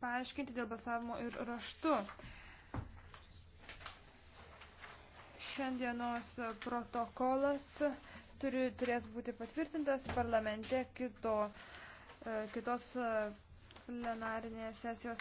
paaiškinti dėl balsavimo ir raštu. Šiandienos protokolas turi, turės būti patvirtintas parlamente kito, e, kitos plenarinės sesijos